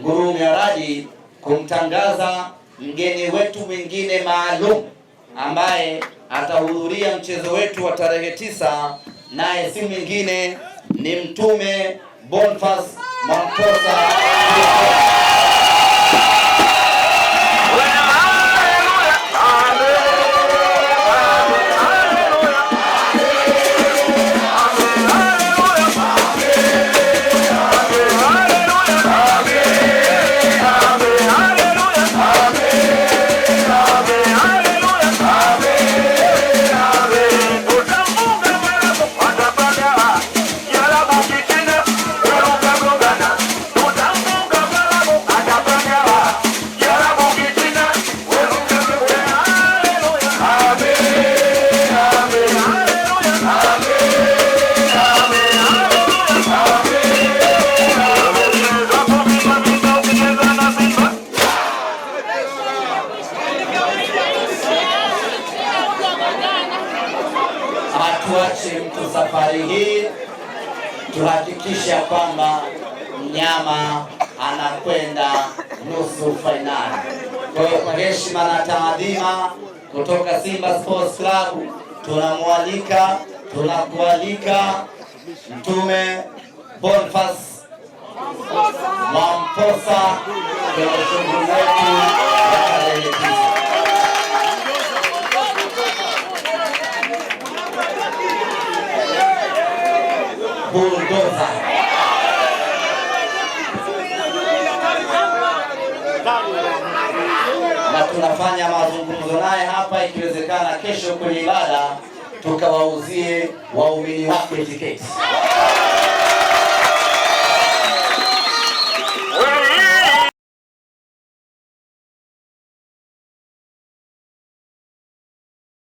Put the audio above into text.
Ngurume radi kumtangaza mgeni wetu mwingine maalum ambaye atahudhuria mchezo wetu wa tarehe tisa, naye si mwingine ni Mtume Bonfas Mwamposa. hatuache mtu safari hii, tuhakikishe kwamba mnyama anakwenda nusu fainali. Kwa hiyo kwa heshima na taadhima kutoka Simba Sports Club tunamwalika tunakualika Mtume Bonfas Mwamposa kwenye shughuli zetu. buldoza. Na tunafanya mazungumzo naye hapa, ikiwezekana kesho kwenye ibada tukawauzie waumini wake tiketi.